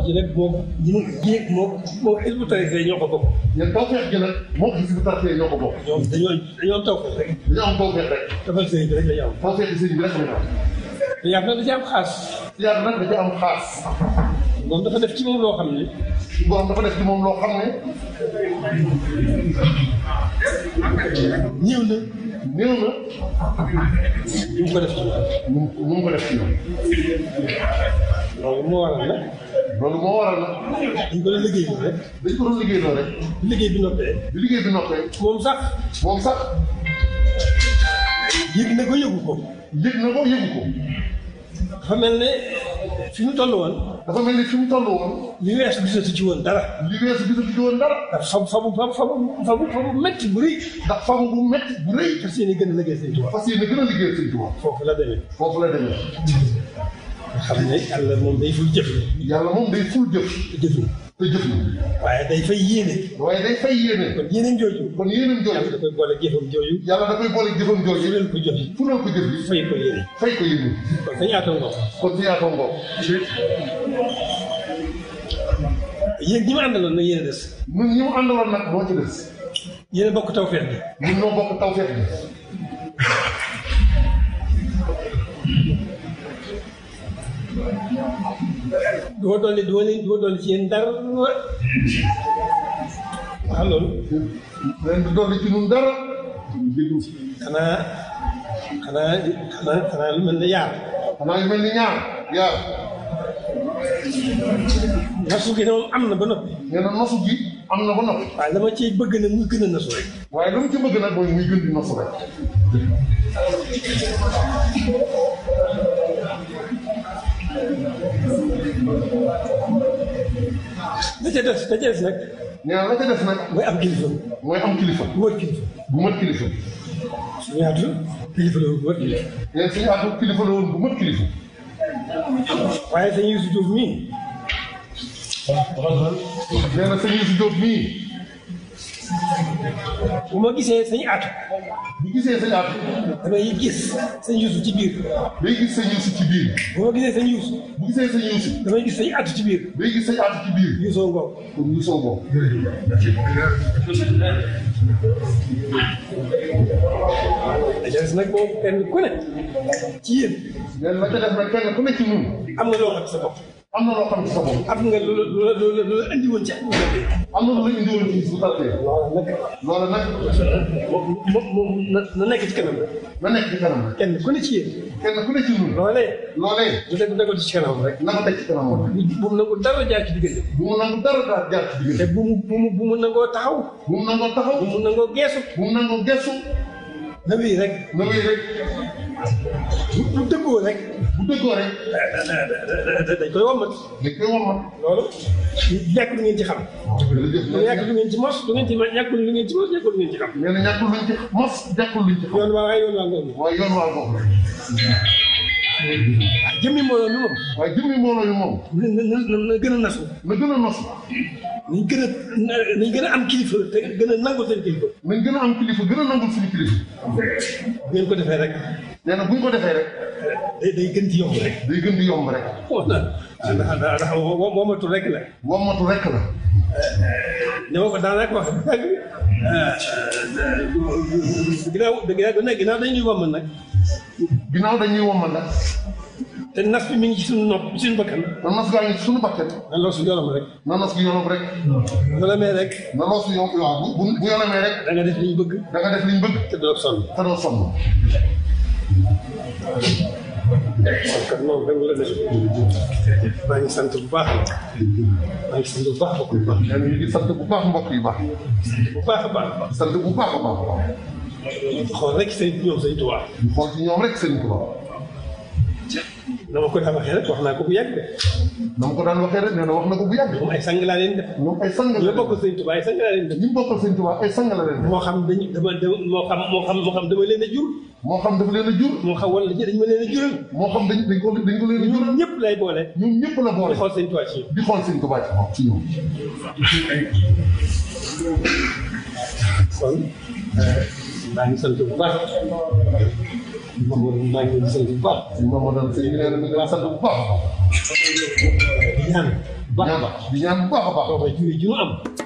jëlee moom ñu ji moom moom Hizbut Tarqiyyah ñoo ko bokk. rek. rek. rek la bi rek am am dafa def ci dafa def ci moom na. na ñu ko def ci ñu ko def ci loolu moo waral la. dañ ko doon liggéey loo rek. dañ ko doon liggéey loo rek. bi liggéey bi noppee. bi liggéey bi noppee. moom sax. moom sax. yëg na ko yëgu ko. yëg na ko yëgu ko. dafa mel ne fi mu toll woon. dafa mel ne fi mu toll woon. li wees gisatu ci woon dara. li wees gisatu ci woon dara. ndax fa fa bu fa fa bu métti bu rëy. ndax fa bu métti bu rëy. fas yéene gën a liggéey Sëñ Tuubaa. fas yéene gën a liggéey Sëñ Tuubaa. foofu la demee. foofu la demee. xam ne yàlla moom day ful jëf la. yàlla moom day ful jëf. jëf la te jëf la. waaye day fay yéene. waaye day fay yéene. kon yéeneen jooju. kon yéeneen jooju. yàlla da koy boole jëfam jooju. yàlla da koy boole jëfam jooju. fulal ko jëf. fulal ko jëf bi. fay ko yéene. fay ko yéene. kon sa ñaata ngoog. kon sa ñaata ngoog. yéen ñi ma àndaloon nag yéen a des. ñun ñi mu àndaloon nag moo ci des. yéen a bokk tawfeex bi. ñun ñoo bokk tawfeex bi. du ma dolli du ma leen du dolli ci yéen dara waaw loolu. leen du dolli ci ñun dara. xanaa xanaa xanaa xanaa yaar. xanaa lu ñaar yaar. nasu gi am na ba noppi. nee nasu gi am na ba noppi. waaye dama ci bëgg nag muy gën a nasu waaye lu mu ci bëgg nag mooy muy gën di nasu rek. da ca des da ca des nag. nee na la ca des nag. mooy am kilifa. mooy am kilifa. bu mat kilifa. bu mat kilifa. suñu yaatu kilifa la woon bu mat kilifa. nee na suñu yaatu kilifa la woon bu mat kilifa. waaye sëñ Youssou Diop mii. nee na sëñ Youssou Diop mii. bu ma gisee sañu at. bu gisee sañu at. damay gis sañ yuusu ci biir. day gis sañ yuusu ci biir. bu ma gisee sañ yuusu. bu gisee sañ yuusu. damay gis sañu at ci biir. day gis sañu at ci biir. yuusoo ngoog. kon yuusoo ngoog. jërëjëf nag moom kenn ku ne. ci yéen. yéen la ca def nag kenn ku ne ci ñun. am nga loo xam sa bopp. am na loo xam ci sa bopp. am nga lu la lu la lu la indi woon ci am na lu la indi woon ci su tawee. loolu nag. moom na nekk ci kanam. na nekk ci kanam. kenn ku ne ci yéen. kenn ku ne ci ñun. loolee. loolee. du teg ko ci kanam rek. na ko teg ci kanam rek. bu mu nangu dara jaar ci diggante. bu mu nangu dara jaar ci diggante. te bu mu bu mu bu mu nangoo taxaw. bu mu nangoo taxaw. bu mu nangoo geesu. bu mu nangoo geesu. na wéy rek. na wéy rek. dëggoo rek. bu dëggoo rek. dañ koy wommat. dañ koy wommat. loolu ñàkkul ngeen ci xam. ñàkkul lu ngeen ci mos du ngeen ci ñàkkul lu ngeen ci mos ñàkkul lu ngeen ci xam. nee na ñàkkul luñ ci mos ñàkkul luñ ci xam. yoon waa waaye yoon waa ngooñ. waaye yoon waa ngooñ. waaw jëmmi mbooloo mi moom. waaw jëmmi mbooloo mi moom. na na na gën a nasu. na gën a nasu. nañ gën a nañ gën a am kilifa te gën a nangu seen kilifa. nañ gën a am kilifa gën a nangu suñu kilifa. bu ngeen ko defee rek. nee na bu ñu ko defee rek. day day gën di yomb rek. day gën di yomb rek. waaw ndax ndax womatu rek la. womatu rek la. ne ma ko daanaka wax ginnaaw ginnaaw dañuy womal nag. te nas bi mi ngi ci suñu nopp suñu bakkan. na nas gaa ngi suñu bakkan. na loos bi yorom rek. na loos rek. yolomee rek. na loos bi yorom waaw bu yolomee rek. da nga def li ñu bëgg. da nga def li bëgg. te doo sonn. te doo sonn. kon kat noonu dëgg la de maa ngi sant bu baax maa ngi sant bu baax mbokk yu baax. ñu ngi sant bu baax mbokk yu baax. bu baax a baax. sant bu baax a baax a baax. xool rek seen ñoom seen tubaab. xool ci ñoom rek seen tubaab. na ma ko daan waxee rek wax naa ko bu yàgg de. na ma ko daan waxee rek nee na wax na ko bu yàgg. moom ay sang laa leen def. moom ay sang la leen def ñu bokkal sëñ Tuubaa ay sang laa leen def. ñu bokkal sëñ Tuubaa ay sang la leen def. moo xam dañu dama dama moo xam moo xam moo xam dama leen a jur. moo xam dafa leen a jur. moo xam wala dañu ma leen a jural. moo xam dañu dañ ko dañ ko leen a jural. ñun ñëpp lay boole. ñun ñëpp la boole di xool sëñ Tuubaa ci. di xool sëñ Tuubaa ci moom ci ñoom. kon eh, maa ngi sant bu baax. Binyan, bah, yang bah, bah, bah, bah, bah, bah, bah, bah, bah, bah, bah, bah, bah, bah, bah, bah,